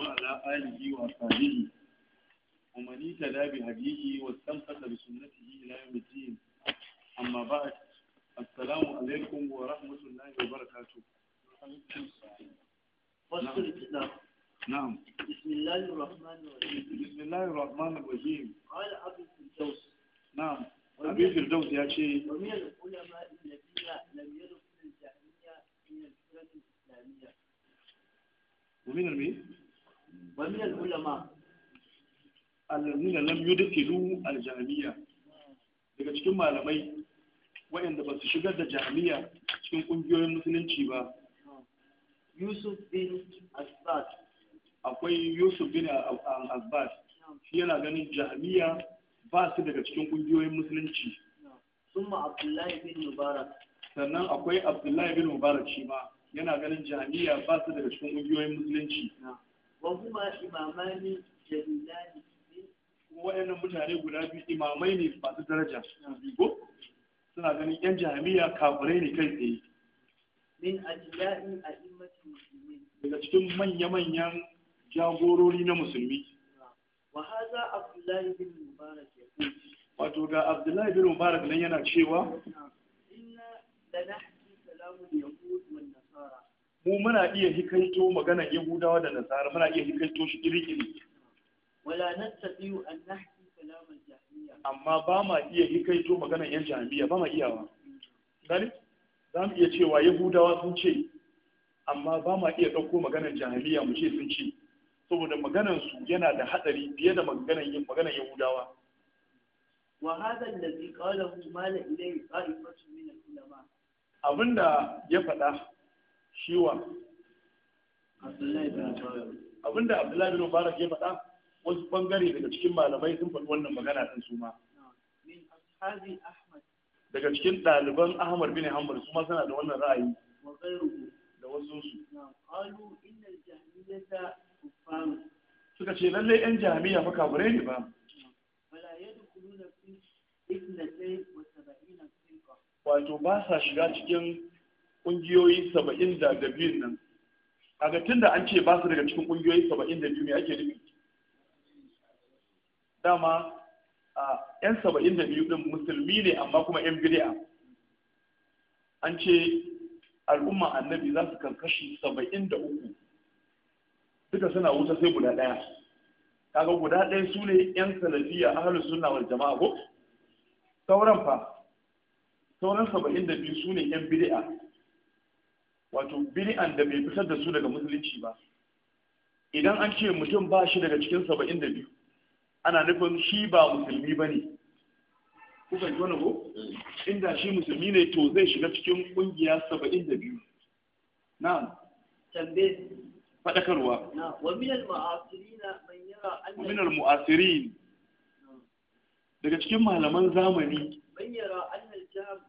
وعلى آله وأصحابه ومن اهتدى بهديه واستمسك بسنته إلى يوم الدين أما بعد السلام عليكم ورحمة الله وبركاته نعم بسم الله الرحمن الرحيم بسم الله الرحمن الرحيم قال أبي الفردوس نعم أبي الفردوس يا شيء ومن العلماء الذين لم يدخلوا الجهمية من الفرق الإسلامية ومن المين؟ ومن العلماء الذين لم يدخلوا الجهمية daga cikin malamai waɗanda ba su shigar da jami'a cikin ƙungiyoyin musulunci ba yusuf bin asbad akwai yusuf bin asbad shi yana ganin jami'a ba su daga cikin ƙungiyoyin musulunci summa abdullahi bin mubarak sannan akwai abdullahi bin mubarak shi ma yana ganin jami'a ba su daga cikin ƙungiyoyin musulunci wa huma imamani jalilani waɗannan mutane guda biyu imamai ne masu daraja ko suna ganin yan jami'a kafirai ne kai tsaye min a a'immatul musulmi. daga cikin manya-manyan jagorori na musulmi wa hadha abdullahi bin mubarak ya wato ga abdullahi bin mubarak nan yana cewa inna lanahdi kalamul yahud wan nasara mu muna iya hikaito magana yahudawa da nasara muna iya hikaito shi iri-iri wala nastati'u an nahki kalam al amma ba ma iya hikaito magana yan jahmiya ba ma iyawa gani za mu iya cewa yahudawa sun ce amma ba ma iya ɗauko maganar jahiliya mu ce sun ce saboda maganar su yana da haɗari fiye da maganar yin maganar yahudawa wa hadha alladhi qalahu mala ilayhi qa'ifatu min al-ulama abinda ya faɗa shiwa abinda abdullahi bin mubarak ya faɗa wasu bangare daga cikin malamai sun faɗi wannan magana sun su ma daga cikin ɗaliban ahmad bin hanbal su ma suna da wannan ra'ayi da wasu su suka ce lallai yan jami'a fa kafirai ne ba wato ba sa shiga cikin ƙungiyoyi saba'in da biyun nan a ga tun da an ce ba su daga cikin ƙungiyoyi saba'in da biyu ne ake nufi dama a yan saba'in da biyu ɗin musulmi ne amma kuma yan bid'a an ce al'umma annabi za su kashi saba'in da uku duka suna wuta sai guda ɗaya kaga guda ɗaya su ne yan salafiya ahalus sunna wal jama'a ko sauran fa sauran saba'in da biyu su ne yan bid'a wato bili'an da bai fitar da su daga musulunci ba idan an ce mutum ba shi daga cikin saba'in da biyu ana nufin shi ba musulmi ba ne kusan ki wani ko eh. inda shi musulmi ne to zai shiga cikin kungiya saba'in da biyu na'am tambe faɗakarwa wa minal mu'asirin daga cikin malaman zamani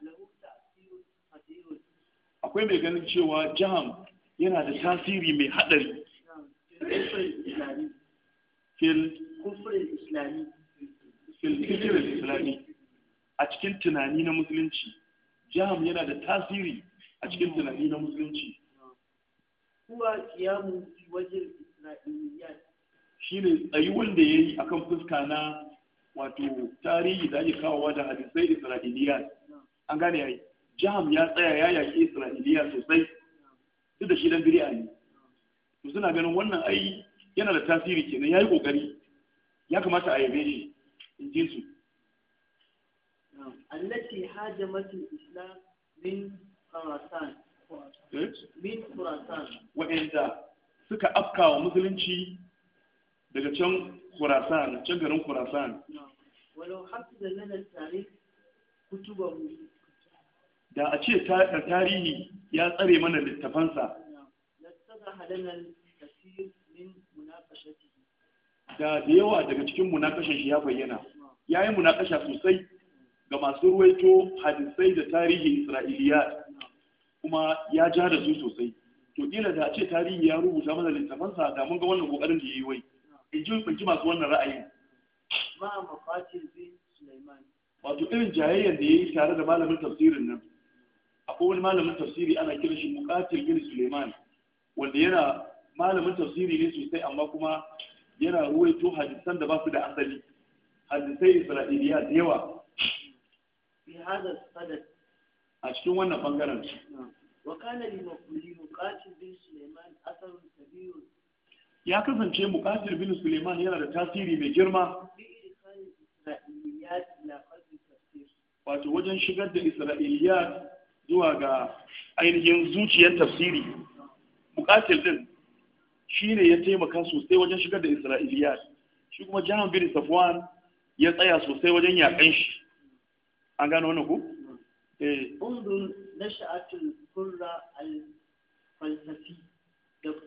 lahu akwai mai ganin cewa jam yana da tasiri mai haɗari islami a cikin tunani na musulunci jam yana da tasiri a cikin tunani na musulunci kuwa kiyamu wajen isra'iliyat shi ne tsayuwan da ya yi a kan fuska na wato tarihi da ake kawowa da hadisai isra'iliyat an gane yayi jam ya tsaya ya yaki isra'iliya sosai duk da shi dan a ne to suna ganin wannan ai yana da tasiri kenan yayi kokari ya kamata a yabe shi in ji su allati hajamat al-islam min khurasan eh? min khurasan wa'anda suka afkawa musulunci daga can khurasan can garin khurasan walau hafiza lana tarikh kutubahu da a ce tarihi ya tsare mana littafansa da da yawa daga cikin munakashin shi ya bayyana ya yi munakasha sosai ga masu ruwaito hadisai da tarihin isra'iliya kuma ya ja da su sosai to kila da a ce tarihi ya rubuta mana littafansa da mun ga wannan kokarin da yayi wai in ji ɓanki masu wannan ra'ayin ma mafatin bin Sulaiman wato irin jayayyar da ya yi tare da malamin tafsirin nan akwai wani malamin tafsiri ana kiran shi muqatil bin Sulaiman wanda yana malamin tafsiri ne sosai amma kuma yana ruwaito hadisan da ba su da asali hadisai isra'iliya da yawa hada a cikin wannan bangaren وكان muqatil bin Sulaiman asarun kabiru ya kasance muqatil bin Sulaiman yana da tasiri mai girma wato wajen shigar da isra'iliyat zuwa ga ainihin zuciyar tafsiri mukatil din shi ne ya taimaka sosai wajen shigar da isra'iliya shi kuma jihar bin safwan ya tsaya sosai wajen yaƙan shi an gano wani ku? Eh. na sha'atul kurra al-falsafi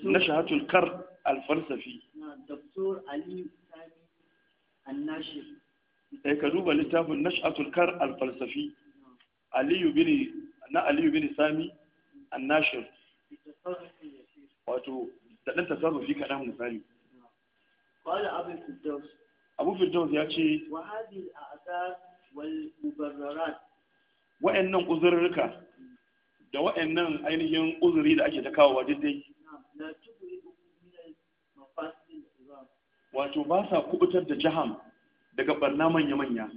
nasha'atul kar alfarsafi falsafi doktor ali annashir eh, ka duba littafin nasha'atul kar al aliyu bin na aliyu bin sami nashir wato da ɗan tasarrufi kaɗan misali abu firdaus ya ce wa'annan uzurruka da wa'annan ainihin uzuri da ake ta kawo daidai wato ba sa kubutar da jiham daga barna manya-manya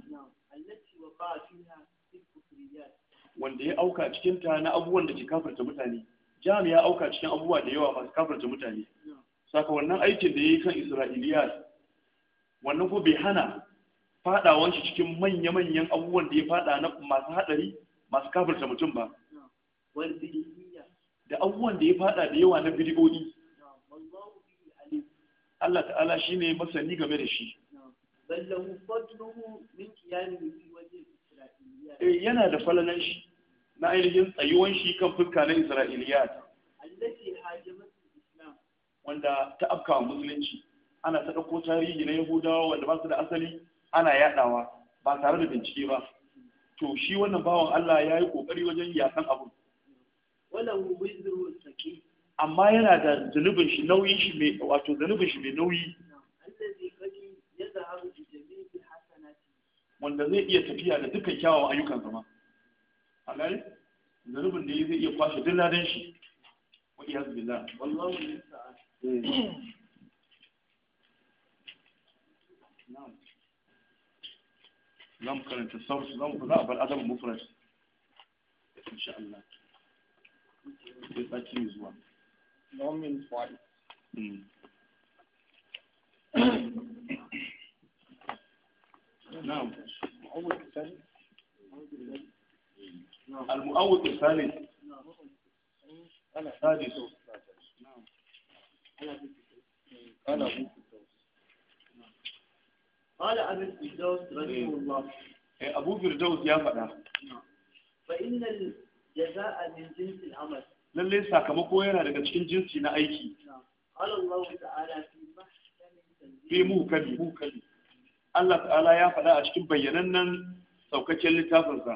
wanda ya auka cikin ta na abubuwan da ke kafarta mutane jami ya auka cikin abubuwa da yawa masu kafarta mutane saka wannan aikin da ya yi kan isra'iliya wannan ko bai hana fadawan shi cikin manya-manyan abubuwan da ya fada na masu hadari masu kafarta mutum ba da abubuwan da ya fada da yawa na bidigoyi Allah ta'ala ne masani game da shi. min eh yana da falalan shi na ainihin tsayuwan shi kan fuska na isra'iliya wanda ta afka musulunci ana ta ɗauko tarihi na yahudawa wanda ba su da asali ana yaɗawa ba tare da bincike ba to shi wannan bawan Allah ya yi ƙoƙari wajen yakan abu amma yana da zunubin shi nauyin shi mai wato zunubin shi mai nauyi wanda zai iya tafiya da dukkan kyawawan ayyukan zama a gari zanubin da ya zai iya kwashe duk ladan shi wa iya eh. Za wallahu zan karanta sauransu zan ku za a bar adam mufrad insha Allah sai sati mai zuwa nomin fadi نعم المؤوض الثاني السادس قال أبو قال أبو فردوس رحمه الله أبو فردوس يا فدا فان الجزاء من جنس العمل lallai sakamako yana daga cikin jinsi na aiki. Allah ta'ala fi muhkami muhkami Allah ta'ala ya faɗa a cikin bayyanannen saukakken littafinsa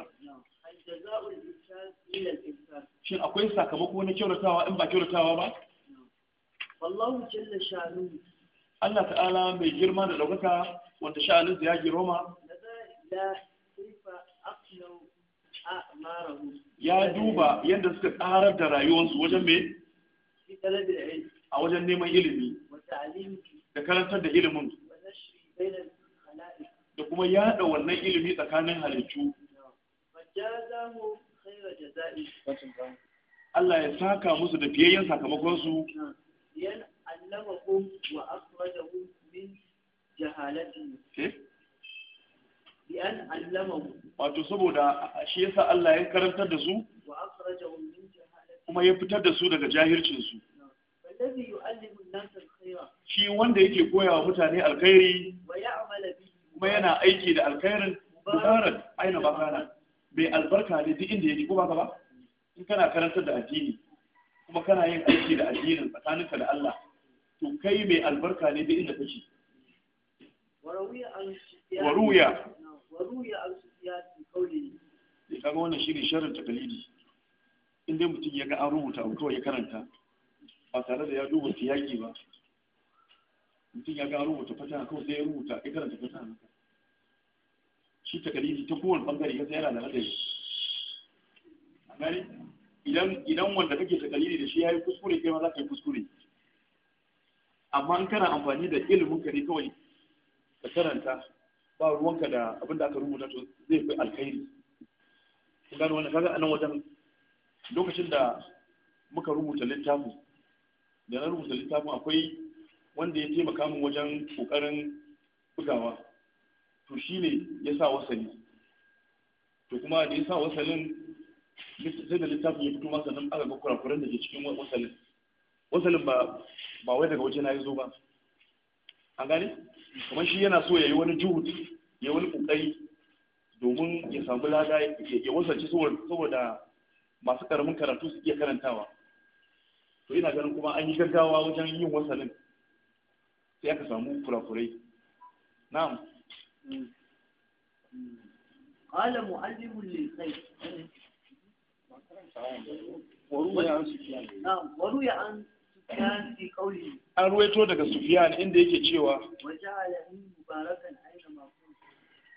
shin akwai sakamako na kyautatawa in ba kyautatawa ba wallahu jalla Allah ta'ala mai girma da ɗaukaka wanda sha'anin ya Roma. ya duba yadda suka tsarar da rayuwarsu wajen me a wajen neman ilimi da karantar da ilimin kuma yada wannan ilimi tsakanin halittu Allah ya saka musu da fiyayyen sakamakon su yan allamakum wa akhrajahum min jahalatihim eh? bi an wato saboda shi yasa Allah ya karantar da su wa akhrajahum min jahalatihim kuma ya fitar da su daga jahircin su wallazi yu'allimu an-nasa al shi wanda yake koya wa mutane alkhairi wa ya'malu kuma yana aiki da alkhairin mubarak aina bakana mai albarka ne duk inda yake ko ba ka ba in kana karantar da addini kuma kana yin aiki da addinin tsakaninka da Allah to kai mai albarka ne duk inda kake waruya waruya al-siyasi qawli ne eh, kaga wannan shine sharrin taqlidi in dai mutum ya ga an rubuta abu kawai ya karanta ba tare da ya duba siyaki ba mutum ya ga an rubuta fata kawai sai ya rubuta ya karanta fata shi takalidi ta kowane bangare ya yana da hadari gani idan idan wanda kake takalidi da shi ya yi kuskure kai ma za ka yi kuskure amma in kana amfani da ilimin ka ne kawai ka karanta ba ruwanka da abin da aka rubuta to zai fi alkhairi Ku gano wannan kaga anan wajen lokacin da muka rubuta littafin da na rubuta littafin akwai wanda ya taimaka min wajen kokarin bugawa to shi ne ya sa wasali to kuma da ya sa wasalin sai da littafin ya fito masa nan aka ga kurakuran da ke cikin wasalin wasalin ba ba wai daga waje na yi zo ba an gane kuma shi yana so ya yi wani juhud ya wani kokari domin ya samu lada ya wasalci saboda masu karamin karatu su iya karantawa to ina ganin kuma an yi gaggawa wajen yin wasalin sai aka samu kurakurai na'am قال مؤلف للخير وروي عن سفيان في قوله an ruwaito daga Sufiyan inda yake cewa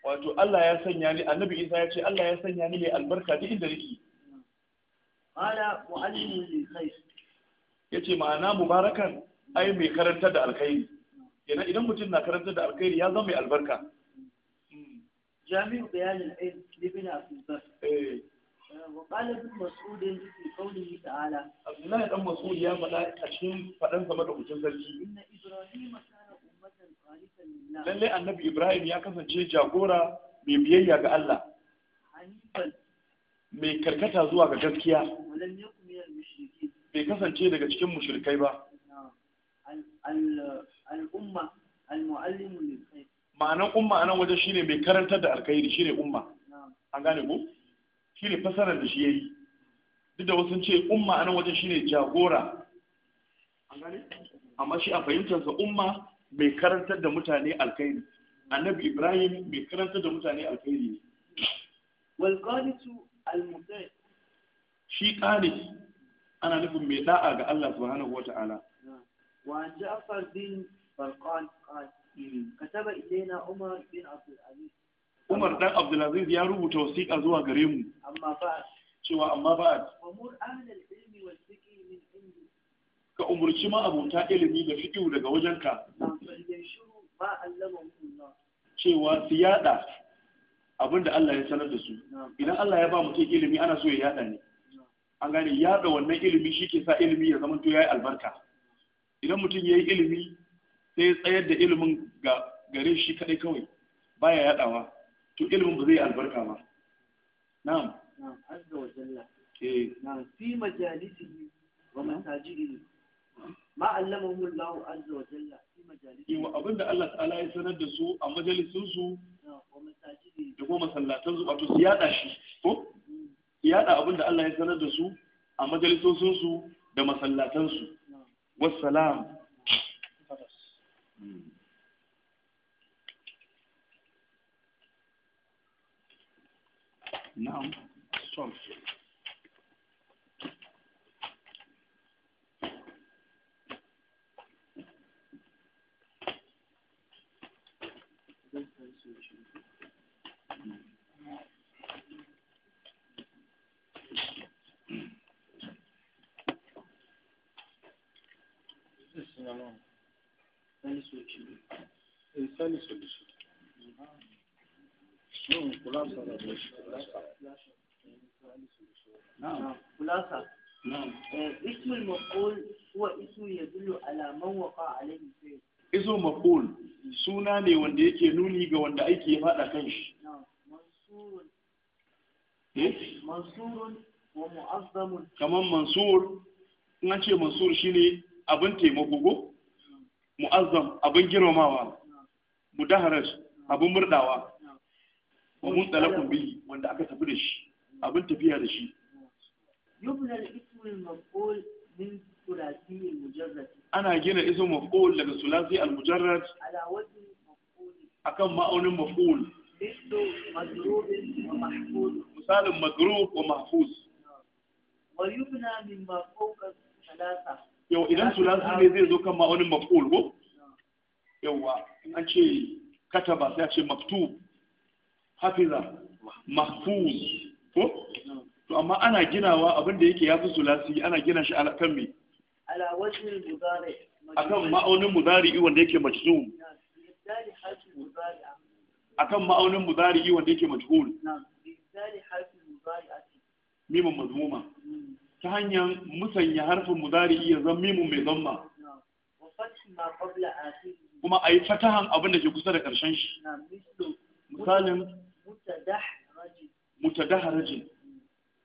wato Allah ya sanya ni annabi Isa ya ce Allah ya sanya ni mai albarka duk inda nake ala ne lil khair yace ma'ana mubarakan ai mai karantar da alkhairi idan mutum na karantar da alkhairi ya zama mai albarka جامع بيان العلم لابن عبد البر وقال ابن مسعود في قوله تعالى عبد الله بن مسعود يا ملا اشين فدان سما da kucin sarki inna ibrahima kana ummatan qanitan lillah lalle annabi ibrahim ya kasance jagora mai biyayya ga Allah hanifan mai karkata zuwa ga gaskiya bai kasance daga cikin mushrikai ba Al'umma al umma al muallimu ma'anan umma a nan wajen shine mai karantar da alkhairi shine umma an gane ku shine fasarar da shi yayi duk da wasu ce umma a nan wajen shine jagora an gane amma shi a sa umma mai karantar da mutane alkhairi annabi ibrahim mai karantar da mutane alkhairi ne wal qanitu al mutai shi qanit ana nufin mai da'a ga Allah subhanahu wata'ala wa ja'far bin farqan qanit كتب إلينا عمر بن عبد العزيز Umar dan Abdulaziz ya rubuta wasiƙa zuwa gare mu. Amma ba cewa amma ba Ka umarci ma abota ilimi da fiƙiu daga wajenka. Cewa su yada abinda Allah ya sanar da su. Idan Allah ya ba mutum ilimi ana so ya yada ne. An gane yaɗa wannan ilimi shi ke sa ilimi ya zama to ya yi albarka. Idan mutum ya yi ilimi sai tsayar da ilimin ga gare shi kadai kawai baya yadawa to ilimin ba zai albarka ba na'am na'am azza wa jalla eh na'am fi majalisihi wa masajidi ma allamahu Allah azza wa jalla fi majalisihi wa abinda Allah ta'ala ya sanar da su a majalisin su da kuma masallatan su wato su yada shi ko yada abinda Allah ya sanar da su a majalisin su da masallatan su wassalam now solve. This is alone. solution. نعم خلاصة suna ne wanda yake nuni ga wanda aiki ya faɗa kan shi mansurun wa eh? mu'azzamun kamar mansur in an ce mansur ne abin taimako go mu'azzam abin girmamawa daharar abin murdawa wa mutalaqun bihi wanda aka tafi da shi abin tafiya da shi yubna al-ismul maf'ul min sulasi ana gina ismul maf'ul daga sulasi al-mujarrad ala akan ma'aunin maf'ul misalin magrub wa mahfuz wa yubna mimma fawqa thalatha yau idan sulasi ne zai zo kan ma'aunin maf'ul ko yauwa an ce kataba sai a ce maktub hafiza mahfuz ko to amma ana ginawa abin da yake yafi sulasi ana gina shi ala kan me ala wajhil mudari akan ma'aunin mudari wanda yake majzum akan ma'aunin mudari wanda yake majhul mimun mazmuma ta hanyar musanya harfin mudari ya zama mimun mai zamma kuma a yi fatahan abin da ke kusa da ƙarshen shi misalin mutadaharajin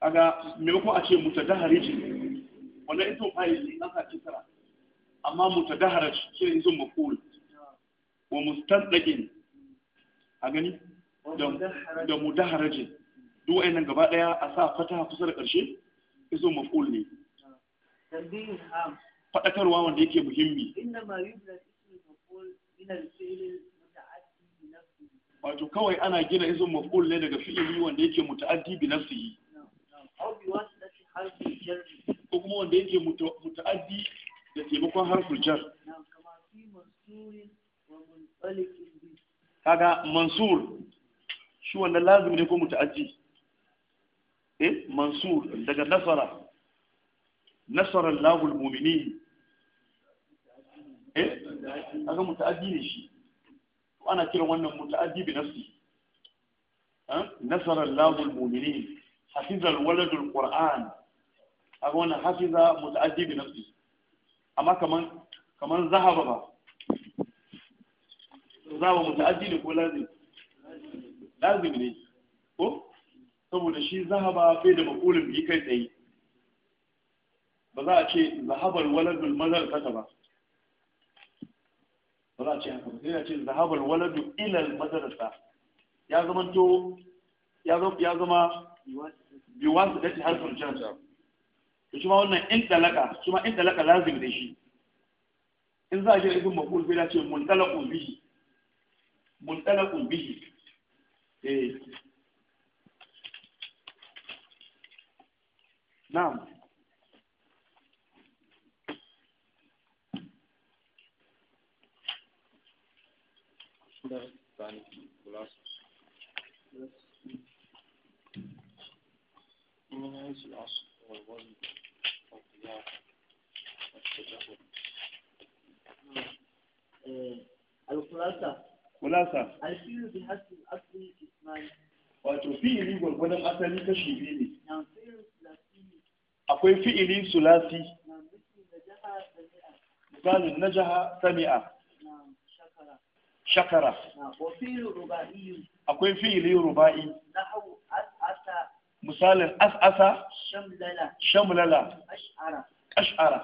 aga maimakon a ce mutadaharajin wannan ito fa'il ne an haƙi tara amma mutadaharaj shi ne izin maful wa mustadaqin a gani da mudaharajin duk wa'annan gaba daya a sa fata kusa da ƙarshe izo makul ne faɗakarwa wanda yake muhimmi ma wato kawai ana gina izin maf'ul ne daga fi'ili wanda yake muta'addi bi nafsihi ko kuma wanda yake muta'addi da taimakon harful jar kaga mansur shi wannan lazim ne ko muta'addi eh mansur daga nasara nasara Allahul mu'minin eh kaga muta'addi ne shi ana kiran wannan muta'addi bi nafsi eh? nasara Allahu al-mu'minin hafiza al-walad al-qur'an aga wannan hafiza muta'addi bi nafsi amma kaman kaman zahaba ba zahaba muta'addi ne ko lazim lazim ne ko saboda shi zahaba bai da makulin bi kai tsaye ba za a ce zahabar waladul mazal kasa ba ba ce haka sai ya ce zahabar waladu ilal madarasa ya zama to ya zama ya zama biwan su dace harfin jan to shi wannan in talaka shi in lazim da shi in za a ce ibn maqul sai ya ce muntalaqun bihi bihi eh na'am من عز العصر والوزن والقياس والتجاهل الخلاصة خلاصة الفيل بحسب الأصل اسمان wato fi'ili gwargwadon asali kashi biyu ne akwai fi'ili sulasi misalin najaha sami'a shakara akwai fi'ili ruba'i misalin as'asa shamlala ash'ara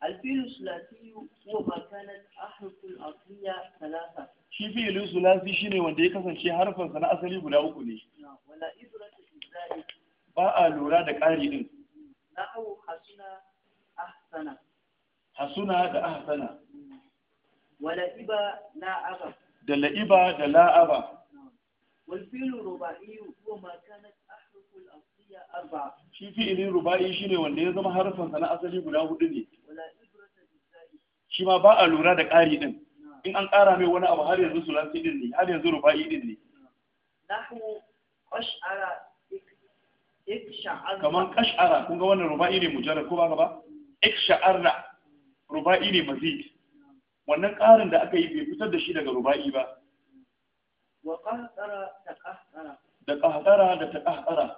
الفيل الثلاثي هو ما كانت أحرف الأصلية ثلاثة shi fi'ilin sulasi shine wanda ya kasance harfansa na asali guda uku ne ba a lura da ƙari din hasuna da ahsana wa la'iba la'aba da la'iba da la'aba wal fi'lu ruba'i huwa ma kanat ahruful asliya arba'a shi fi'ilin ruba'i shine wanda ya zama harfan sa na asali guda hudu ne shi ma ba a lura da ƙari ɗin. in an ƙara mai wani abu har yanzu sulasi ɗin ne har yanzu ruba'i ɗin ne nahwu qash'ara kaman kash'ara kun ga wannan ruba'i ne mujallar, ko ba ba mm. iksha'arra ruba'i ne mazid wannan ƙarin da aka yi bai fitar da shi daga ruba'i ba wa qahqara da qahqara da qahqara da ta qahqara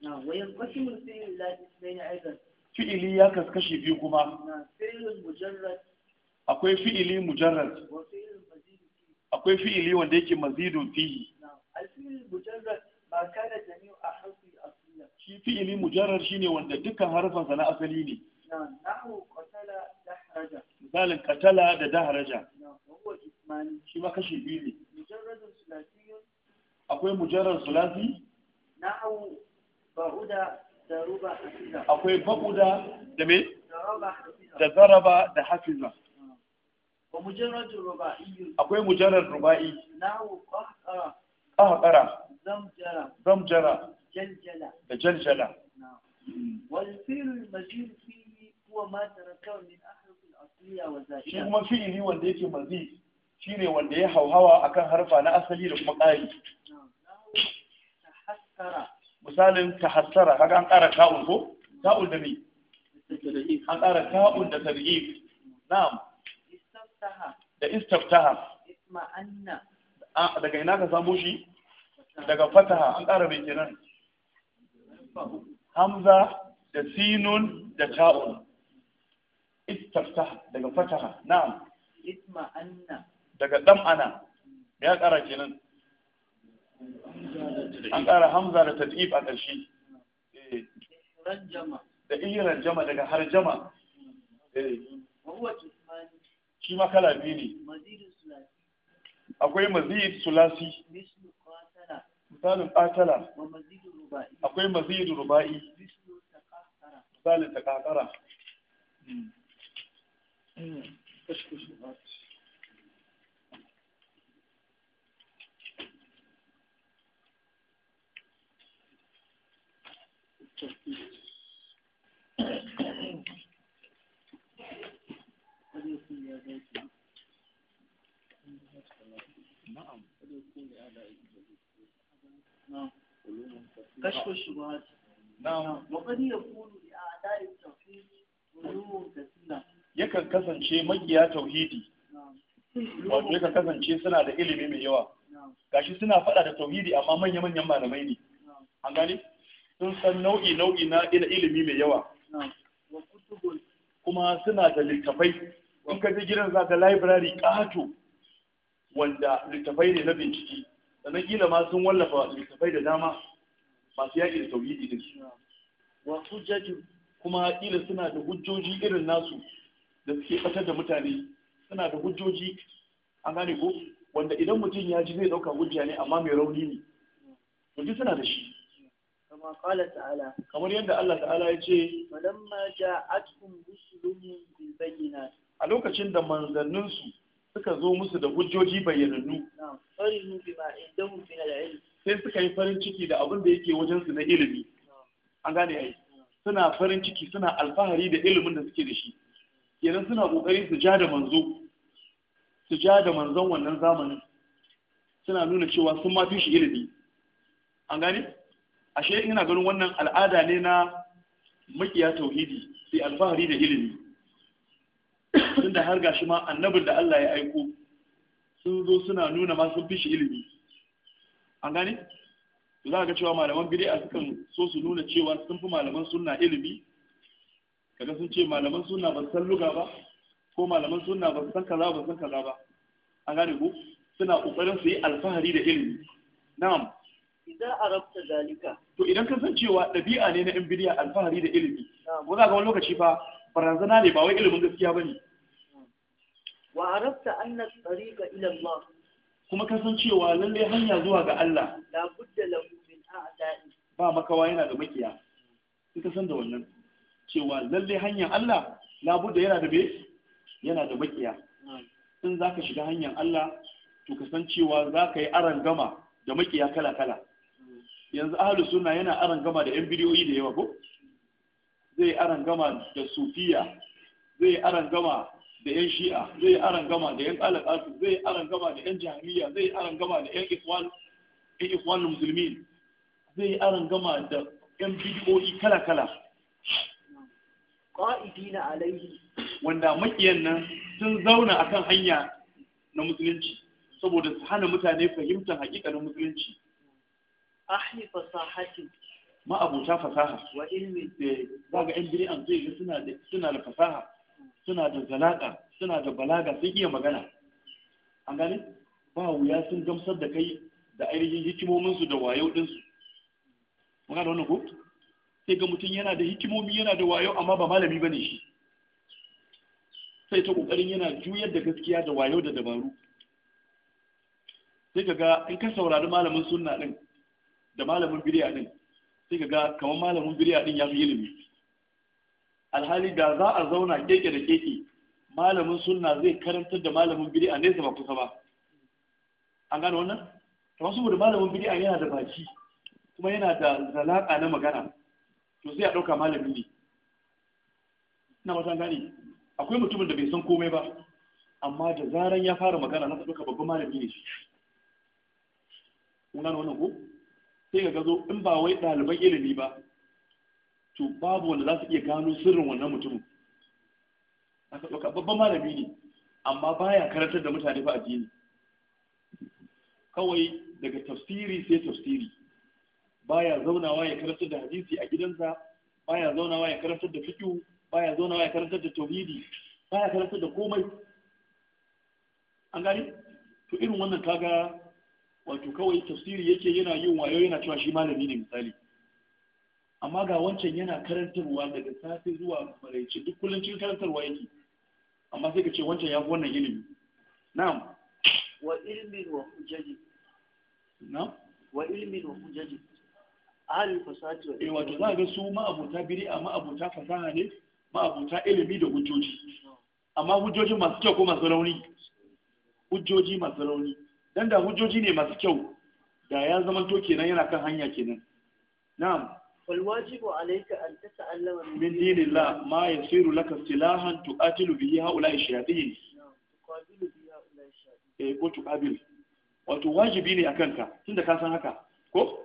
na wa yanqasimu fi'l la ismayn aidan fi'ili ya kaskashi biyu kuma akwai fi'ili mujarrad akwai fi'ili wanda yake mazidun fihi shi fi'ili mujarrad shine wanda dukkan harfansa na asali ne Na da misalin katala da daharaja shi ma kashi biyu ne akwai ruba hafiza. akwai ba'uda da me da zaraba da hafiza akwai mujarar ruba'i ƙahara zamjara da jaljala والفعل المجير فيه هو ما تركه من أحد shi kuma fi'ili wanda yake mazi shi ne wanda ya hauhawa akan harfa na asali da kuma ƙari misalin tahassara haka an ƙara ta'un ko ta'un da ne an ƙara ta'un da tarihi na'am da istaftaha daga ina ka samu shi daga fataha an ƙara mai kenan hamza da sinun da ta'un istaftah daga fataha na'am isma anna daga dam ana ya kara kenan an kara hamza da tad'ib a ƙarshe eh. da iran jama daga har jama eh. shi ma kala biyu ne akwai mazid sulasi misalin ƙatala akwai mazid ruba'i misalin taƙaƙara hmm. نعم كشف الشبهات نعم وقد يكون لأعداء التوحيد علوم كثيرة yakan kasance magiya tauhidi wato yakan kasance suna da ilimi mai yawa gashi suna faɗa da tauhidi amma manya-manyan malamai ne an gane sun san nau'i nau'i na ilimi mai yawa kuma suna da littafai in ka je gidan za ka library ƙato wanda littafai ne na bincike sannan kila ma sun wallafa littafai da dama masu yaƙi da tauhidi din su kuma kila suna da hujjoji irin nasu da suke batar da mutane suna da hujjoji an gane ko wanda idan mutum ya ji zai dauka hujja ne amma mai rauni ne to duk suna da shi kama kala ta'ala kamar yadda Allah ta'ala ya ce ja'atkum bil bayyinat a lokacin da manzannin su suka zo musu da hujjoji bayyanannu farihu bima indahum min al-ilm sai suka yi farin ciki da abin da yake wajen su na ilimi an gane ai suna farin ciki suna alfahari da ilimin da suke da shi kenan suna kokari su ja da manzo su ja da manzon wannan zamanin suna nuna cewa sun ma fi shi ilimi an gane ashe ina ganin wannan al'ada ne na makiya tauhidi sai alfahari da ilimi tunda har gashi ma annabin da Allah ya aiko sun zo suna nuna ma sun fi shi ilimi an gane za ga cewa malaman bid'a sukan so su nuna cewa sun fi malaman sunna ilimi kaga sun ce malaman suna ba san luga ba ko malaman suna ba san kaza ba san kaza ba a gane ku suna kokarin su yi alfahari da ilimi na'am idan arabta zalika to idan ka san cewa dabi'a ne na yan alfahari da ilimi ko za ka wani lokaci fa barazana ne ba wai ilimin gaskiya bane wa arabta anna tariqa ila Allah kuma ka san cewa lalle hanya zuwa ga Allah la budda lahu min a'da'i ba makawa yana da makiya in ka san da wannan cewa lalle hanyar Allah labudda yana da me yana da makiya in za ka shiga hanyar Allah to ka san cewa ka yi aran gama da makiya kala kala yanzu ahlus suna yana aran gama da yan bidiyoyi da yawa ko zai aran gama da sufiya zai aran gama da yan shi'a zai aran gama da yan qalaqatu zai aran gama da yan jahiliya zai aran gama da yan ikhwan yan ikhwanul zai aran gama da yan bidiyoyi kala kala qa'idina alayhi. wanda makiyan nan sun zauna akan hanya na musulunci saboda su hana mutane fahimtar haƙiƙanin musulunci ahli fasahati ma abuta fasaha wa ilmi daga eh, yan bid'an zai ga suna da suna da fasaha suna da zalaka suna da balaga sun iya magana an gane ba wuya sun gamsar da kai da ainihin hikimominsu da wayo din su da wannan ko? sai ga mutum yana da hikimomi yana da wayo amma ba malami bane shi sai ta kokarin yana juyar da gaskiya da wayo da dabaru sai ga in ka saurari malamin sunna din da malamin bidiya din sai ga kamar malamin bidiya din ya fi ilimi alhali da za a zauna keke da keke malamin sunna zai karantar da malamin bid'a nesa ba kusa ba an gano wannan ta wasu da malamin bidiya yana da baki kuma yana da zalaka na magana to sai a ɗauka malami ne na watan gani akwai mutumin da bai san komai ba amma da zaran ya fara magana na ɗauka babban malami ne shi wannan ko sai ga gazo in ba wai ɗaliban ilimi ba to babu wanda za su iya gano sirrin wannan mutumin aka ɗauka babban malami ne amma baya karantar da mutane ba addini kawai daga tafsiri sai tafsiri baya zaunawa ya karantar da hadisi a gidansa baya zaunawa ya karantar da fiqh baya zaunawa ya karantar da tauhidi baya karantar da komai an gani to irin wannan kaga wato kawai tafsiri yake yana yin wayo yana cewa shi malami ne misali amma ga wancan yana karantarwa daga safe zuwa maraice duk kullum cikin karantarwa yake amma sai ka ce wancan ya fi wannan ilimi na'am wa ilmin wa hujjaji na'am wa ilmin wa hujjaji ahalin fasahati wa eh wato za ga su biri a ma'abota fasaha ne ma'abota ilimi da hujjoji amma hujjoji masu kyau ko masu rauni hujjoji masu rauni dan da hujjoji ne masu kyau da ya zama to kenan yana kan hanya kenan na'am wal wajibu alayka an tata'allama min dinillah ma yasiru laka silahan tuqatilu bihi haula'i shayatin tuqatilu bihi haula'i shayatin eh ko tuqabil wato wajibi ne akan ka tunda ka san haka ko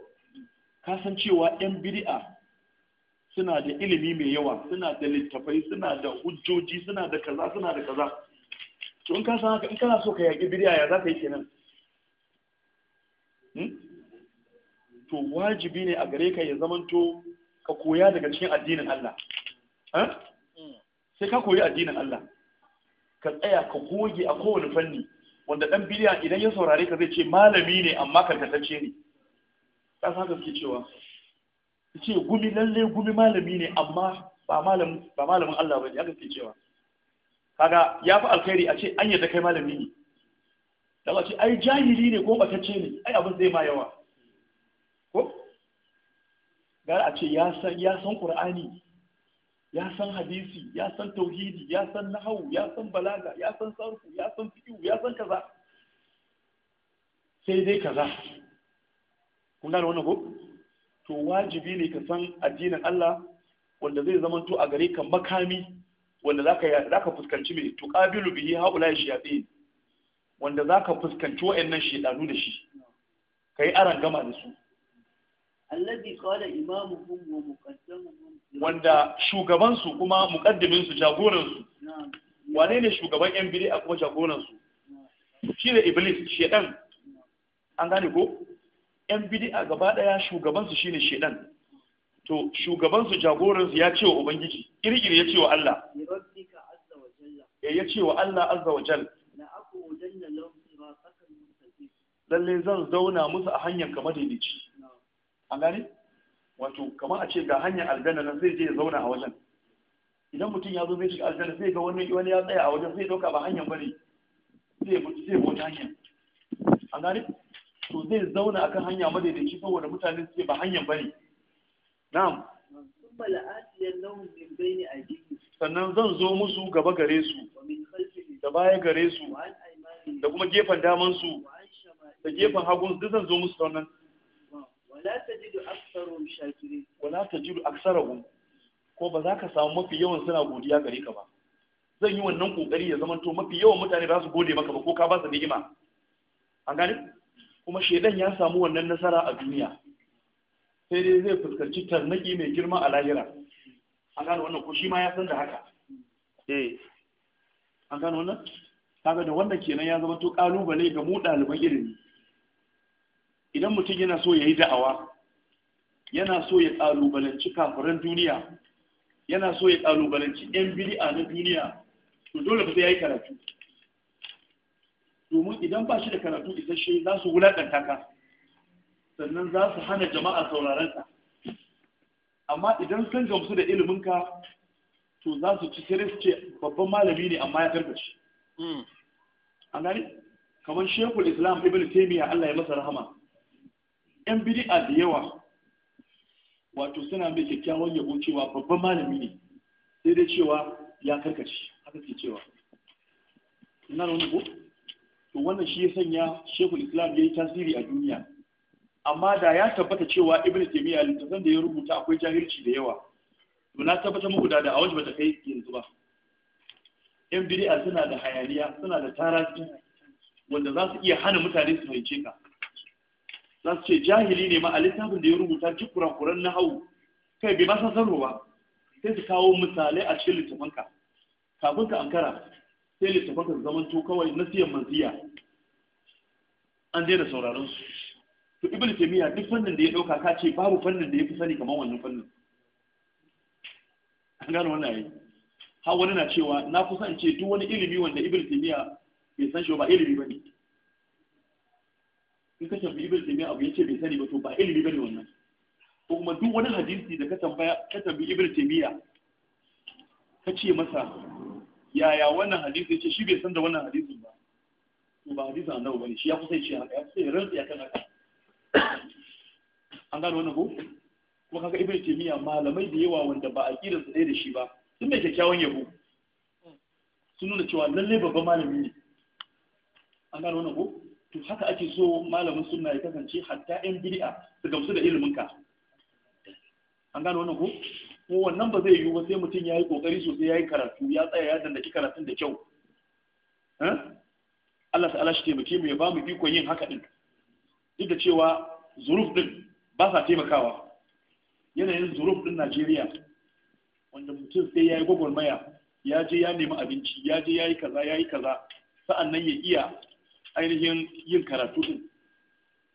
ka cewa yan bid'a suna da ilimi mai yawa suna da littafai suna da hujjoji suna da kaza suna da kaza to in ka san haka in kana so ka yaƙi bid'a ya za ka yi kenan hmm? to wajibi ne a gare ka ya zamanto ka koya daga cikin addinin Allah sai ka koyi addinin Allah ka tsaya ka goge a kowane fanni wanda dan bidiya idan ya saurare ka zai ce malami ne amma karkatacce ne kasa san gaske cewa ce gumi lalle gumi malami ne amma ba malamin Allah ba ne aka ce cewa kaga ya fi alkhairi a ce an yadda kai malami ne da ba ce ai jahili ne ko batacce ne ai abin zai ma yawa ko gara a ce ya san ya san ya san hadisi ya san tauhidi ya san yasan ya san balaga ya san sarfu ya san fiqh ya san kaza sai dai kaza kuna da wannan ko to wajibi ne ka san addinin Allah wanda zai zama to a gare ka makami wanda zaka zaka fuskanci mai to qabilu bihi haula shiyabi wanda zaka fuskanci wayannan shedanu da shi kai aran gama da su alladhi qala imamuhum wa muqaddamuhum wanda shugaban su kuma muqaddimin su jagoran su wane ne shugaban yan bid'a kuma jagoran su shine iblis shedan an gane ko yan bidi'a gaba daya shugabansu shine shedan to shugabansu jagoransu ya ce wa ubangiji kirkiri ya ce wa Allah eh, ya ce wa Allah azza wa jal lalle zan zauna musu a hanyar kamar yake an gane wato kamar a ce ga hanyar aljanna nan zai je ya zauna a wajen idan mutum ya zo zai shiga aljanna zai ga wani wani ya tsaya a wajen zai dauka ba hanyar bane zai mutu zai bota hanyar an gane to zai zauna akan hanya madaidaici saboda mutane suke ba hanyar bane na'am sannan zan zo musu gaba gare su da baya gare su da kuma gefen daman su da gefen hagun duk zan zo musu ta wannan wala tajidu aksarahum ko ba za ka samu mafi yawan suna godiya gare ka ba zan yi wannan kokari ya zama to mafi yawan mutane ba su gode maka ba ko ka ba su ni'ima an gane kuma shedan ya samu wannan nasara a duniya sai dai zai fuskanci tarnaki mai girma a lahira an gano wannan ko shi ma ya san da haka eh an gano wannan kaga da wannan kenan ya zama to kalubale ga mu ɗaliban irin. idan mutum yana so ya yi da'awa yana so ya kalubalanci kafiran duniya yana so ya kalubalanci yan bili'a na duniya to dole ba sai ya yi karatu domin idan ba shi da karatu isasshe za su wulaƙanta ka sannan za su hana jama'a saurarensa amma idan sun gamsu da iliminka to za su ci sai ce babban malami ne amma ya karkace hmm. an gani kamar shekul islam ibn taimiyya allah ya masa rahama yan bidi'a da yawa wato suna mai kyakkyawan yabo cewa babban malami ne sai dai cewa ya karkace haka ke cewa ina da wani ko to wannan shi ya sanya shekul islam ya yi tasiri a duniya amma da ya tabbata cewa ibn taimiyya littattafan da ya rubuta akwai jahilci da yawa to na tabbata muku da da wajen bata kai yanzu ba yan bid'a suna da hayaniya suna da taraki wanda za su iya hana mutane su fahimce ka za su ce jahili ne ma a littafin da ya rubuta duk kurakuran na hau kai bai ma san sanarwa sai su kawo misalai a cikin littafanka kafin ka ankara sai littafan ka zaman to kawai na siyan manziya an daina sauraron su to ibnu taymiya duk fannin da ya dauka ka ce babu fannin da ya fi sani kamar wannan fannin an gano wannan yayi har wani na cewa na kusa in ce duk wani ilimi wanda ibnu taymiya bai san shi ba ilimi bane in ka tambayi ibnu taymiya abu yace bai sani ba to ba ilimi bane wannan ko kuma duk wani hadisi da ka tambaya ka tambayi ibnu taymiya ka ce masa yaya wannan hadisi ce shi bai san da wannan hadisin ba to ba hadisin annabi bane shi ya kusa ya ce haka ya kusa ya rantsi akan haka an gano wannan ko kuma kaga ibnu taymiya malamai da yawa wanda ba aqidar su ɗaya da shi ba sun mai kyakkyawan yabo sun nuna cewa lalle babban malami ne an gano wannan ko to haka ake so malamin sunna ya kasance hatta yan bid'a su gamsu da ilimin ka an gano wannan ko ko wannan ba zai yiwu ba sai mutum ya yi kokari sosai ya yi karatu ya tsaya ya dandaki karatun da kyau eh? Allah ta'ala shi taimake mu ya ba mu ikon yin haka din duk da cewa zuruf din ba sa taimakawa yanayin zuruf din Najeriya wanda mutum sai ya yi gwagwarmaya ya je ya nemi abinci ya je ya yi kaza ya yi kaza sa'annan ya iya ainihin yin karatu din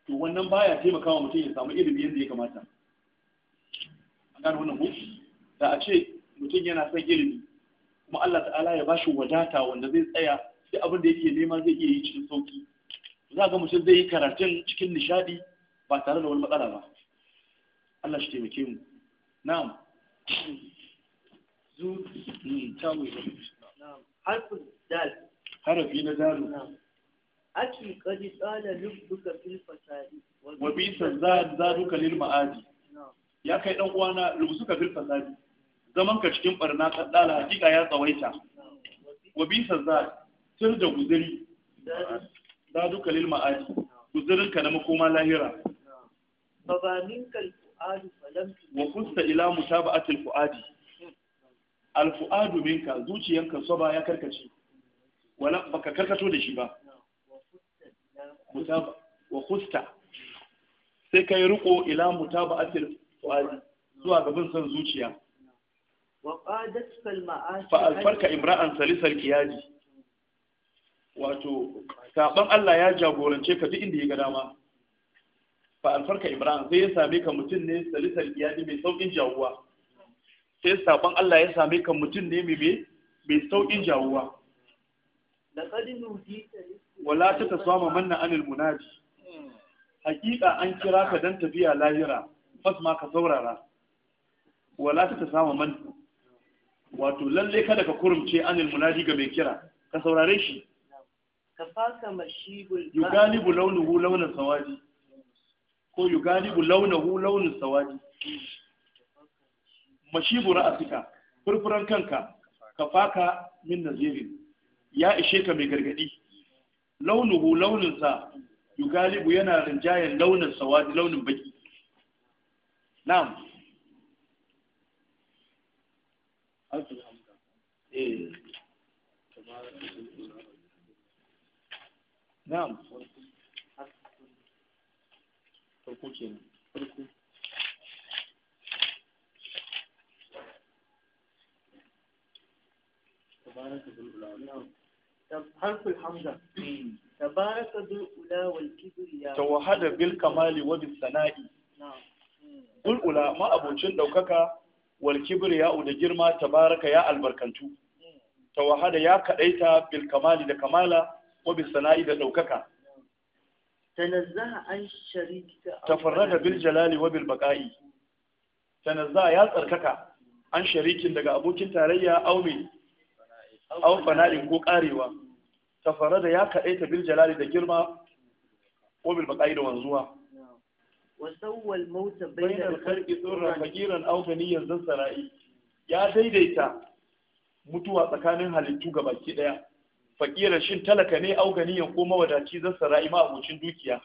to wannan baya taimakawa mutum ya samu ilimi yadda ya kamata an gane wannan ko da a ce mutum yana son ilimi kuma Allah ta'ala ya bashi wadata wanda zai tsaya sai abin da yake nema zai iya yi cikin sauki za ga mutum zai yi karatun cikin nishadi ba tare da wani matsala ba Allah shi taimake mu na'am zu hmm, tawi na'am harfin dal harafi na dalu aki qadi qala lubbuka fil fasadi wa bi sazad zaduka lil ma'adi ya kai dan uwana lubbuka fil fasadi zaman ka cikin barna kaddala hakika ya tsawaita wa bisa za sir da guzuri da duka lil ma'adi guzurin ka na makoma lahira wa fusta ila mutaba'at al fuadi al fuadu minka zuciyanka soba ya karkace wala baka karkato da shi ba wa kusta sai kai riko ila mutaba'at al fuadi zuwa gaban san zuciya fa’alfarka imra'an salisar kiyaji wato sabon Allah ya jagorance ka duk inda ya ga dama fa’alfarka imra'an sai ya same ka mutum ne salisar kiyaji mai saukin jawuwa sai sabon Allah ya same ka mutum ne mai mai saukin jawuwa wala ta tasama manna anil munaji hakika an kira ka don tafiya lahira fas ma ka saurara wala ta tasama manna wato lalle kada ka kurumce anil munadi ga mai kira ka saurare shi kafaka mashibul yugalibu launuhu launin sawadi ko yugalibu launuhu launin sawadi mashibu ra'asika furfuran kanka kafaka min nazirin ya ishe ka mai gargadi launuhu launin sa yugalibu yana rinjayen launin sawadi launin baki na'am na'am farko kenan farko تبارك ذو الأولى حرف الحمزة تبارك ذو الأولى والكبرياء توحد بالكمال وبالثناء ذو الأولى ما أبو تشن دوكاكا wal ya uda girma tabaraka ya albarkantu tawahada ya kadaita bil kamali da kamala wa bil sana'i da daukaka tanazzaha an sharika tafarrada bil jalali wa bil baqa'i tanazzaha ya tsarkaka an sharikin daga abokin tarayya aumi au fana'in ko karewa tafarrada ya kadaita bil jalali da girma wa bil baqa'i da wanzuwa وسوى الموت بين الخلق ذرا فقيرا او غنيا ذا سرائي يا دaidaita mutuwa tsakanin halittu ga baki daya fakiran shin talaka ne au ganiyan mawadaci zan sarai ma dukiya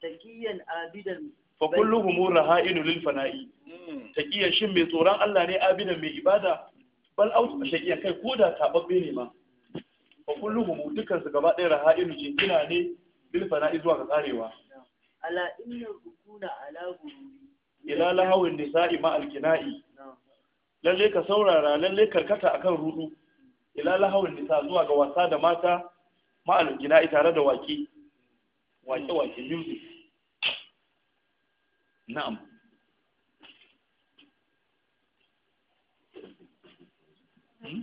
taqiyan abidan fa kulluhum raha'inu lil mai tsoron Allah ne abidan mai ibada bal au shaqiyan kai koda tababbe ne ma fa kulluhum dukan gaba daya raha'inu jinkina ne lil zuwa ga karewa ala inna rukuna ala gururi ila lahawin nisa'i ma alkina'i lalle ka saurara lalle karkata akan rudu ila lahawin nisa zuwa ga wasa da mata ma alkina'i tare da waki waki waki music na'am hmm?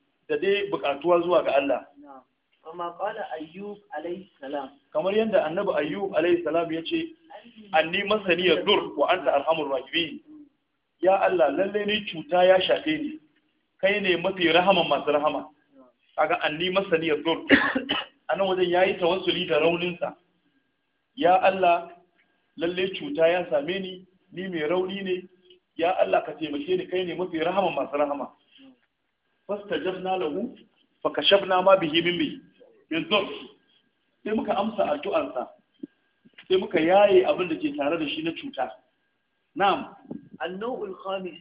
da dai bukatuwa zuwa ga Allah amma qala ayyub salam kamar yadda annabi ayyub alayhi salam yace anni masaniyar dur wa ta alhamur rahimi. ya Allah lalle ni cuta ya shafe ni kai ne mafi rahaman masu rahama kaga anni masaniyar dur anan wajen ya yi tawassuli da rauninsa. ya Allah lalle cuta ya same ni ni mai rauni ne ya Allah ka taimake ni kai ne mafi rahaman masu rahama fastajabna lahu fakashabna ma bihi min bi min dhur sai muka amsa addu'arsa sai muka yaye abin da ke tare da shi na cuta na'am an-naw'ul khamis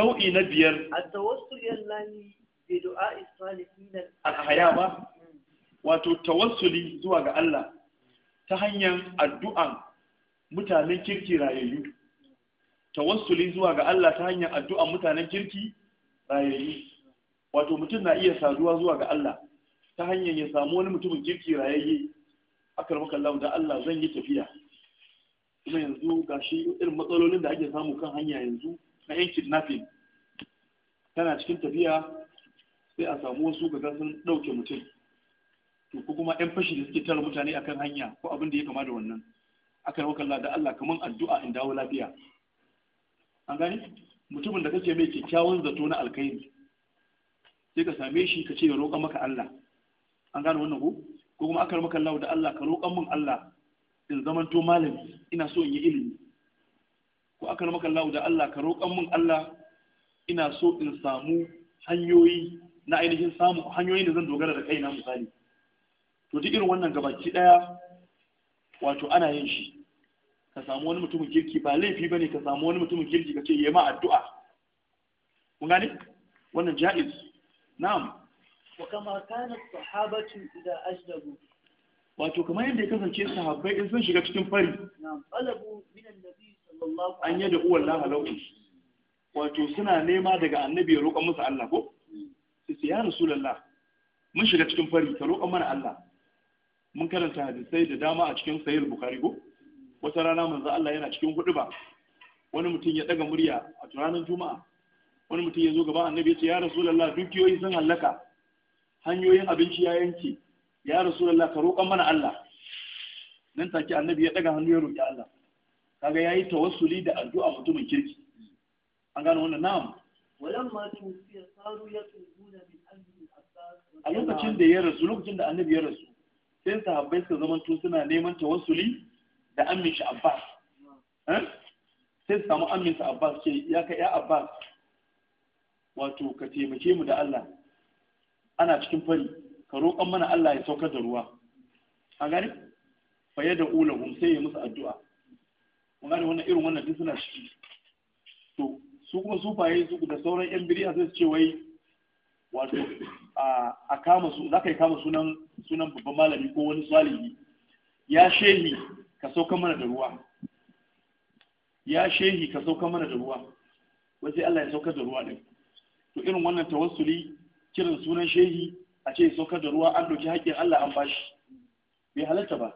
nau'i na biyar at-tawassul lillahi bi du'a'i salihin al-ahya ba wato tawassuli zuwa ga Allah ta hanyar addu'an mutanen kirki rayayyu tawassuli zuwa ga Allah ta hanyar addu'an mutanen kirki rayayyu wato mutum na iya saduwa zuwa ga Allah ta hanyar ya samu wani mutumin kirki rayayye a maka Allah da Allah zan yi tafiya kuma yanzu gashi irin matsalolin da ake samu kan hanya yanzu na yan kidnapping tana cikin tafiya sai a samu wasu ga sun ɗauke mutum to ko kuma yan fashi da suke tara mutane akan hanya ko abin da ya kama da wannan a maka Allah da Allah kaman addu'a in dawo lafiya an gani mutumin da kake mai kyakkyawan zato na alkhairi sai ka same shi ka ce ya roƙa maka Allah an gane wannan ko ko kuma aka maka Allah da Allah ka roƙan min Allah in zaman to malami ina so in yi ilimi ko aka maka Allah da Allah ka roƙan min Allah ina so in samu hanyoyi na ainihin samu hanyoyin da zan dogara da kaina misali to duk irin wannan gabaki daya wato ana yin shi ka samu wani mutumin kirki ba laifi bane ka samu wani mutumin kirki ka ce yayi ma addu'a kun gane wannan jaiz na'am wa kama kana sahabatu idza wato kamar yadda ya kasance sahabbai in sun shiga cikin fari na'am talabu min annabi sallallahu an yi uwan la halau wato suna nema daga annabi ya roƙa musu Allah ko sai ya rasulullah mun shiga cikin fari ta roƙon mana Allah mun karanta hadisai da dama a cikin sahih bukhari ko wata rana manzo Allah yana cikin huɗu ba wani mutum ya ɗaga murya a ranar juma'a wani mutum ya zo gaban annabi ya ce ya rasu rasulullah dukiyoyi sun hallaka hanyoyin abinci ya yanke ya rasu rasulullah ka roƙon mana Allah nan take annabi ya ɗaga hannu ya roƙi Allah kaga yayi tawassuli da addu'a mutumin kirki an gano wannan na'am walamma tuwfiya saru yaquluna min al-abbas a lokacin da ya rasu lokacin da annabi ya rasu sai sahabbai suka zama to suna neman tawassuli da amin shi Abbas eh? sai su samu amin sa Abbas ce ya kai ya Abbas wato ka taimake mu da Allah ana cikin fari ka roƙon mana Allah ya saukar da ruwa a gani fa da ulahum sai ya musu addu'a mun gani wannan irin wannan duk suna ciki to su kuma su faye su da sauran yan biriya sai su ce wai wato a kama su za ka yi kama sunan sunan babban malami ko wani salihi ya shehi ka saukar mana da ruwa ya shehi ka sauka mana da ruwa wai sai Allah ya saukar da ruwa din to irin wannan tawassuli kiran sunan shehi a ce saukar da ruwa an doki haƙƙin Allah an bashi bai halarta ba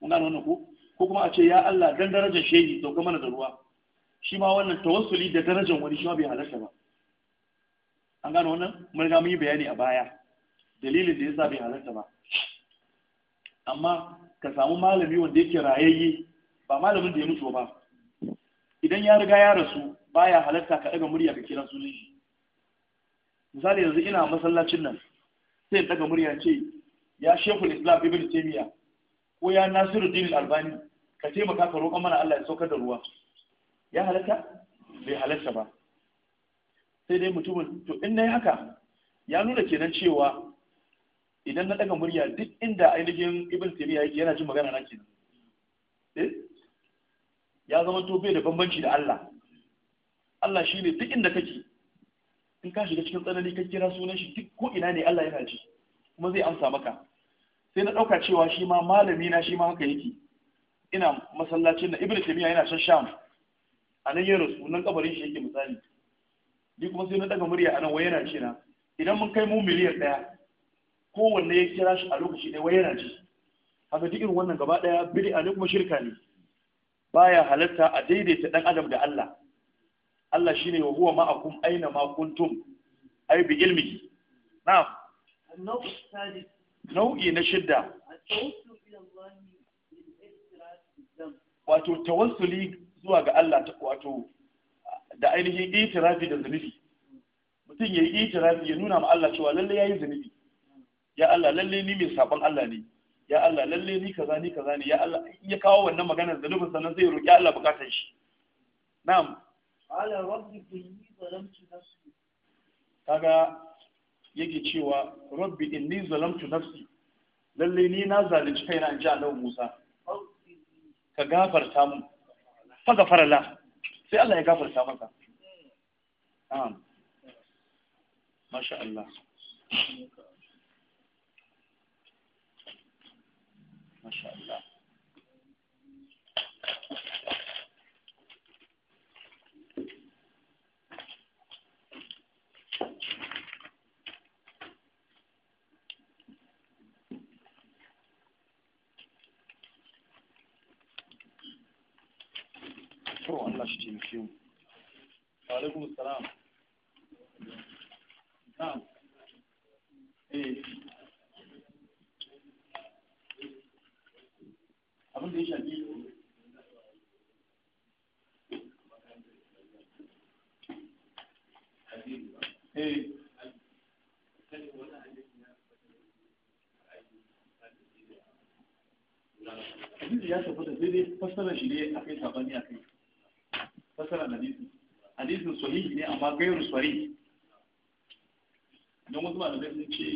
mun gano wannan ko ko kuma a ce ya Allah dan darajar shehi sauka mana da ruwa shi ma wannan tawassuli da darajar wani shi ma bai halarta ba an gano wannan mun ga mun yi bayani a baya dalilin da yasa bai halarta ba amma ka samu malami wanda yake rayayye ba malamin da ya mutu ba idan ya riga ya rasu baya halarta ka daga murya ka kira sunan shi misali yanzu ina masallacin nan sai daga murya ce ya shekul islam ibn taymiya ko ya nasiruddin albani ka taimaka ka roƙa mana Allah ya saukar da ruwa ya halatta bai halatta ba sai dai mutumin to in nayi haka ya nuna kenan cewa idan na daga murya duk inda ainihin ibn taymiya yake yana jin magana na kenan eh ya zama to da bambanci da Allah Allah shine duk inda kake in ka shiga cikin tsanani ka kira sunan shi duk ko ina ne Allah yana ji kuma zai amsa maka sai na ɗauka cewa shi ma malami na shi ma haka yake ina masallacin na ibnu taymiya yana can sham a nan yero rasu kabarin shi yake misali ni kuma sai na daga murya anan nan wai yana ji na idan mun kai mu miliyan ɗaya kowanne ya kira shi a lokaci ɗaya wai yana ji haka duk irin wannan gaba daya bid'a ne kuma shirka ne baya halatta a daidaita dan adam da Allah Allah shi ne wa huwa ma'akum aina ma kuntum ai bi ilmihi na'am nau'i na shidda wato tawassuli zuwa ga Allah wato da ainihin itirafi da zunubi mutum ya yi itirafi ya nuna ma Allah cewa lalle yayi zunubi ya Allah lalle ni mai sabon Allah ne ya Allah lalle ni kaza ni kaza ne ya Allah ya kawo wannan maganar zunubin sannan zai roki Allah bukatar shi na'am ala rabbi inni zalamtu nafsi kaga yake cewa rabbi inni zalamtu nafsi lalle ni na zalunci kaina in ji annabi Musa ka gafarta mu fa gafara la sai Allah ya gafarta maka na'am masha Allah masha Allah Allah shi taimake alaikum na'am eh abin da ya shafi eh ya da shi ne a kai gairu sari don wasu malamai sun ce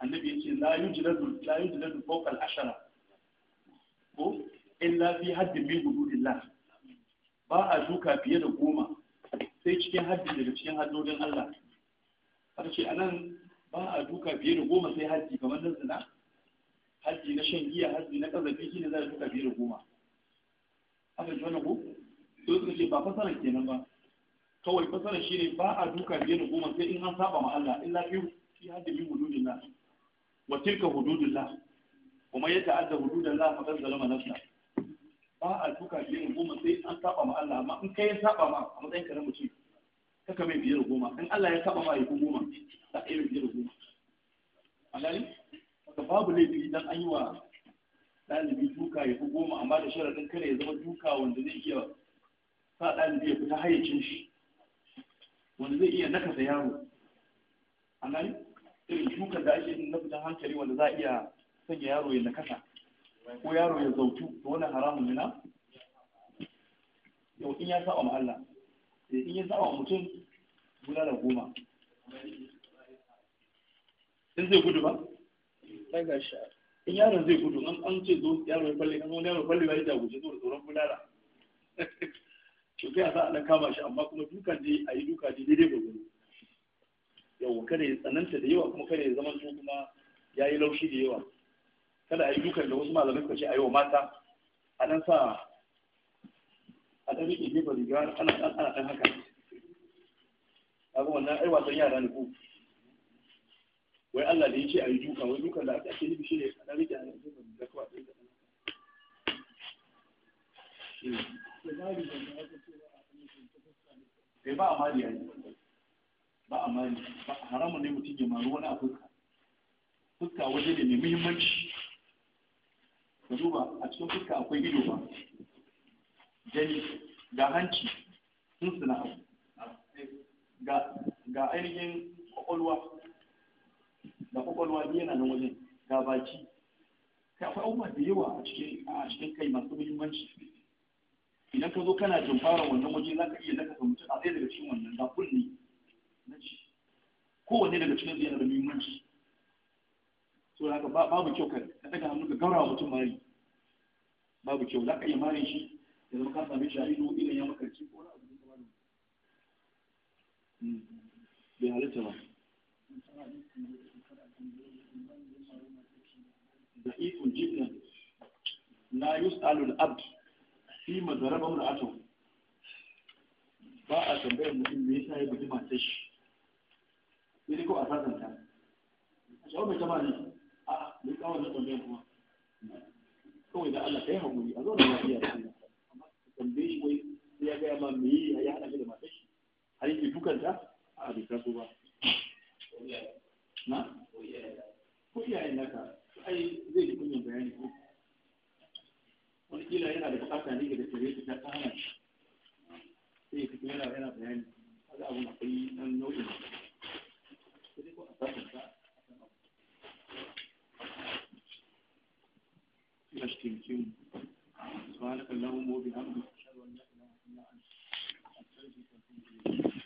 annabi ya ce la yi la yujladu fawqa ashara ko in fi haddin min hududillah ba a duka fiye da goma sai cikin haddi daga cikin haddodin Allah har ce anan ba a duka fiye da goma sai haddi kamar na zina haddi na shan giya haddi na kazafi shine za a duka fiye da goma haka ji wani ko sai suka ce ba fasaran kenan ba kawai fasarar shi ne ba a duka biyar goma sai in an saba ma Allah illa fi fi hadda min hududillah wa tilka hududillah kuma ya ta'adda hududillah fa kan zalama nafsa ba a duka biyar goma sai an saba ma Allah amma in kai ya saba ma a matsayin ka na mutum kaka mai biyar goma in Allah ya saba ma ya ku goma za ka yi mai biyar goma a gani haka babu laifi idan an yi wa ɗalibi duka ya ku goma amma da sharaɗin kada ya zama duka wanda zai iya sa ɗalibi ya fita hayyacin shi wanda zai iya nakasa yaro A nan irin shukar da ake na fitan hankali wanda za a iya sanya yaro ya nakasa ko yaro ya zautu da wannan haramun nuna yau in ya sa'a ma Allah eh, in ya sa'a mutum guda da goma in zai gudu ba in yaron zai gudu an ce zo yaro ya falle. kan wani yaro falle ba ya jagoce zo da tsoron bulala to kai za a na kama shi amma kuma dukan dai a yi duka dai daidai ba gani. yau kada ya tsananta da yawa kuma kada ya zama to kuma ya yi laushi da yawa kada a yi dukan da wasu malamai suka ce a yi wa mata a dan sa a ɗan riƙe ne ba riga ana dan ana dan haka ga wannan ai wasan yara ne ko wai Allah da ya ce a yi duka wai dukan da ake ake nufi shi ne a dan riƙe a nan gefe riga kawai ɗaya da ɗan haka hmm. sai ba a mari yayi ba a mari haramun ne mutum ya maru wani afirka fuska fuska waje ne mai muhimmanci ka duba a cikin fuska akwai ido ba gani ga hanci sun suna abu ga ainihin kwakwalwa da kwakwalwa yana nan wajen ga baki kai akwai abubuwa da yawa a cikin kai masu muhimmanci idan ka zo kana jin fara wannan waje za ka iya daga ka mutum a ɗaya daga cikin wannan da kulle. na ci kowanne daga cikin zai yana da muhimmanci so haka babu kyau ka daga hannu ka gaurawa mutum mari babu kyau za ka iya mari shi ya zama ka same shi a ido idan ya makarci ko wani abu da hmm, kamar bai halitta ba da ikon jibna Na yus'alu al-abd fi ba wuda ato ba a tambayar mutum me yasa ya buji matar shi sai dai ko a sasanta a shawar oh, mai jama'a ne a mai tsawon na tambayar kuma kawai da Allah kai haƙuri a zauna lafiya da Allah amma tambaye shi wai sai ya gaya ma me ya haɗa shi da matar shi har yake dukanta a bai taso ba na ko iyayen naka ai zai ji kunyan bayani ko wani kila yana da bukata ne da tare shi ta kama shi sai ya fito yana yana bayani kaga abun akwai nan nau'in sai ko a sassan ka لا تمكن سبحانك اللهم وبحمدك أشهد أن لا إله إلا أنت أستغفرك وأتوب إليك